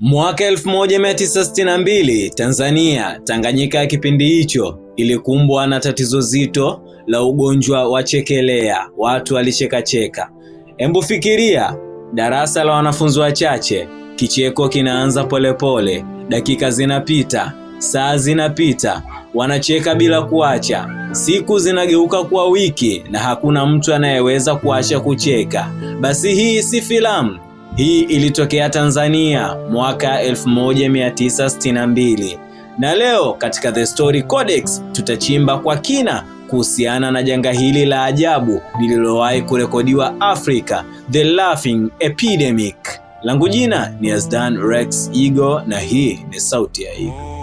Mwaka 1962 Tanzania, Tanganyika ya kipindi hicho ilikumbwa na tatizo zito la ugonjwa wa chekelea, watu walichekacheka. Hebu fikiria, darasa la wanafunzi wachache, kicheko kinaanza polepole, dakika zinapita, saa zinapita, wanacheka bila kuacha. Siku zinageuka kuwa wiki na hakuna mtu anayeweza kuacha kucheka. Basi hii si filamu hii ilitokea Tanzania mwaka 1962 na leo katika The Story Codex tutachimba kwa kina kuhusiana na janga hili la ajabu lililowahi kurekodiwa Afrika, The Laughing Epidemic. Langu jina ni Asdan Rex Igo na hii ni sauti ya Igo.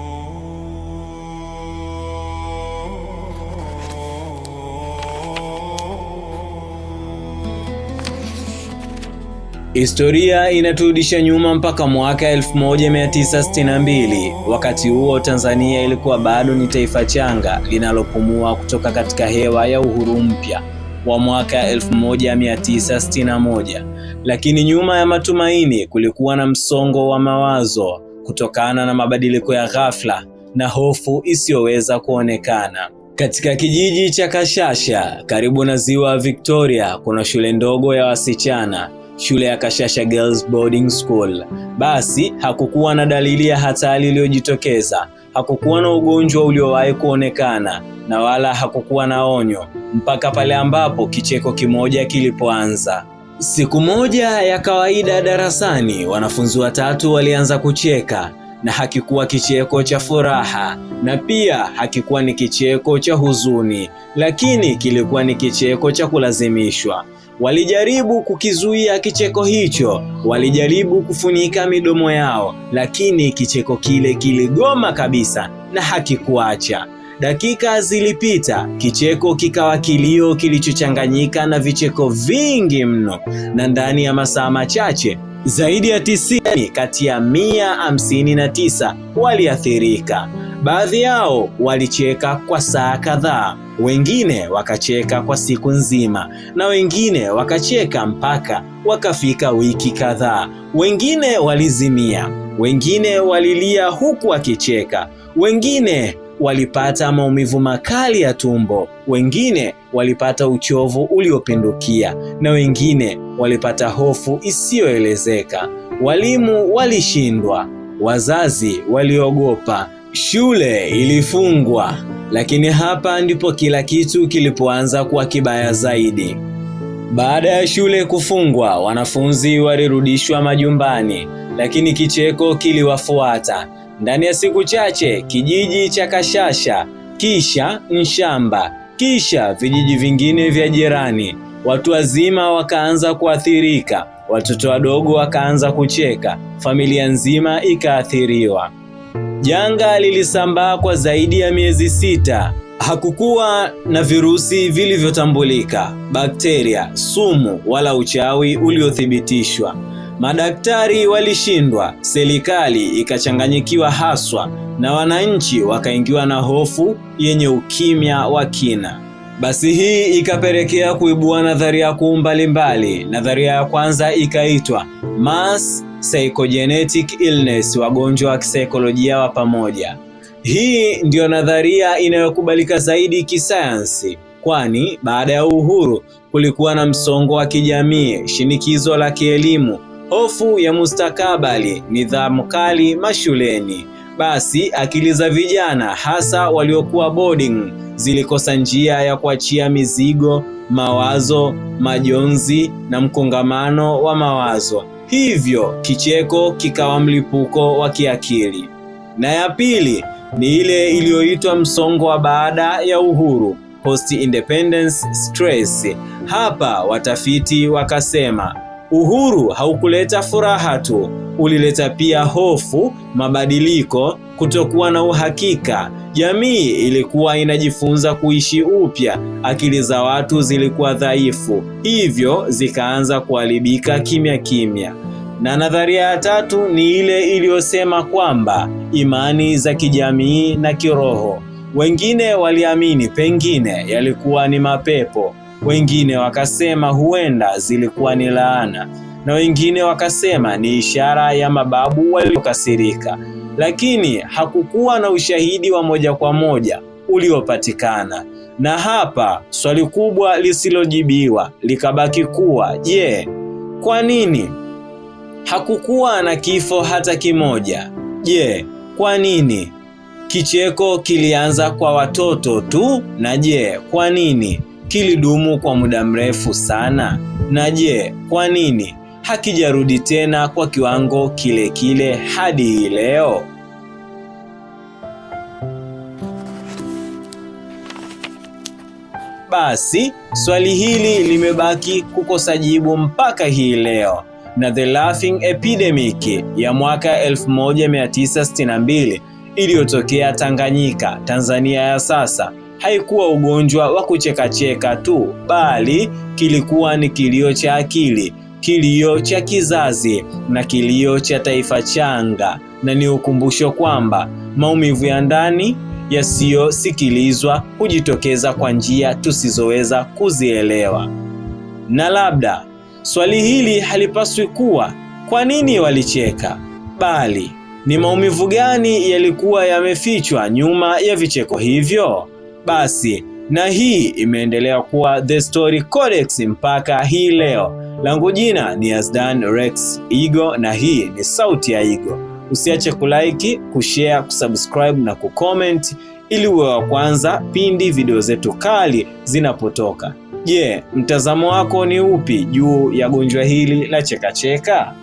Historia inaturudisha nyuma mpaka mwaka 1962. Wakati huo Tanzania ilikuwa bado ni taifa changa linalopumua kutoka katika hewa ya uhuru mpya wa mwaka 1961. Lakini nyuma ya matumaini kulikuwa na msongo wa mawazo kutokana na mabadiliko ya ghafla na hofu isiyoweza kuonekana. Katika kijiji cha Kashasha karibu na ziwa Victoria kuna shule ndogo ya wasichana shule ya Kashasha Girls Boarding School. Basi hakukuwa na dalili ya hatari iliyojitokeza, hakukuwa na ugonjwa uliowahi kuonekana na wala hakukuwa na onyo mpaka pale ambapo kicheko kimoja kilipoanza. Siku moja ya kawaida darasani, wanafunzi watatu walianza kucheka na hakikuwa kicheko cha furaha na pia hakikuwa ni kicheko cha huzuni, lakini kilikuwa ni kicheko cha kulazimishwa. Walijaribu kukizuia kicheko hicho, walijaribu kufunika midomo yao, lakini kicheko kile kiligoma kabisa na hakikuacha. Dakika zilipita, kicheko kikawa kilio kilichochanganyika na vicheko vingi mno, na ndani ya masaa machache zaidi ya tisini kati ya mia hamsini na tisa waliathirika. Baadhi yao walicheka kwa saa kadhaa, wengine wakacheka kwa siku nzima, na wengine wakacheka mpaka wakafika wiki kadhaa. Wengine walizimia, wengine walilia huku wakicheka, wengine walipata maumivu makali ya tumbo, wengine walipata uchovu uliopindukia, na wengine walipata hofu isiyoelezeka. Walimu walishindwa, wazazi waliogopa Shule ilifungwa, lakini hapa ndipo kila kitu kilipoanza kuwa kibaya zaidi. Baada ya shule kufungwa, wanafunzi walirudishwa majumbani, lakini kicheko kiliwafuata. Ndani ya siku chache, kijiji cha Kashasha, kisha Nshamba, kisha vijiji vingine vya jirani, watu wazima wakaanza kuathirika, watoto wadogo wakaanza kucheka, familia nzima ikaathiriwa. Janga lilisambaa kwa zaidi ya miezi sita. Hakukuwa na virusi vilivyotambulika, bakteria, sumu wala uchawi uliothibitishwa. Madaktari walishindwa, serikali ikachanganyikiwa haswa, na wananchi wakaingiwa na hofu yenye ukimya wa kina. Basi hii ikapelekea kuibua nadharia kuu mbalimbali. Nadharia ya kwanza ikaitwa mass psychogenetic illness, wagonjwa wa kisaikolojia wa pamoja. Hii ndiyo nadharia inayokubalika zaidi kisayansi, kwani baada ya uhuru kulikuwa na msongo wa kijamii, shinikizo la kielimu, hofu ya mustakabali, nidhamu kali mashuleni. Basi akili za vijana hasa waliokuwa boarding zilikosa njia ya kuachia mizigo mawazo, majonzi na mkongamano wa mawazo, hivyo kicheko kikawa mlipuko wa kiakili. Na ya pili ni ile iliyoitwa msongo wa baada ya uhuru, post independence stress. Hapa watafiti wakasema Uhuru haukuleta furaha tu, ulileta pia hofu, mabadiliko, kutokuwa na uhakika. Jamii ilikuwa inajifunza kuishi upya, akili za watu zilikuwa dhaifu, hivyo zikaanza kuharibika kimya kimya. Na nadharia ya tatu ni ile iliyosema kwamba imani za kijamii na kiroho. Wengine waliamini pengine yalikuwa ni mapepo wengine wakasema huenda zilikuwa ni laana, na wengine wakasema ni ishara ya mababu waliokasirika, lakini hakukuwa na ushahidi wa moja kwa moja uliopatikana. Na hapa swali kubwa lisilojibiwa likabaki kuwa je, kwa nini hakukuwa na kifo hata kimoja? Je, kwa nini kicheko kilianza kwa watoto tu? Na je, kwa nini kilidumu kwa muda mrefu sana? Na je, kwa nini hakijarudi tena kwa kiwango kile kile hadi hii leo? Basi swali hili limebaki kukosa jibu mpaka hii leo, na The Laughing Epidemic ya mwaka 1962 iliyotokea Tanganyika, Tanzania ya sasa haikuwa ugonjwa wa kuchekacheka tu, bali kilikuwa ni kilio cha akili, kilio cha kizazi na kilio cha taifa changa, na ni ukumbusho kwamba maumivu ya ndani yasiyosikilizwa hujitokeza kwa njia tusizoweza kuzielewa. Na labda swali hili halipaswi kuwa kwa nini walicheka, bali ni maumivu gani yalikuwa yamefichwa nyuma ya vicheko hivyo? basi. Na hii imeendelea kuwa The Story Codex mpaka hii leo. Langu jina ni asdan Rex Igo na hii ni sauti ya Igo. Usiache kulike, kushare, kusubscribe na kucomment ili uwe wa kwanza pindi video zetu kali zinapotoka. Je, yeah, mtazamo wako ni upi juu ya gonjwa hili la chekacheka?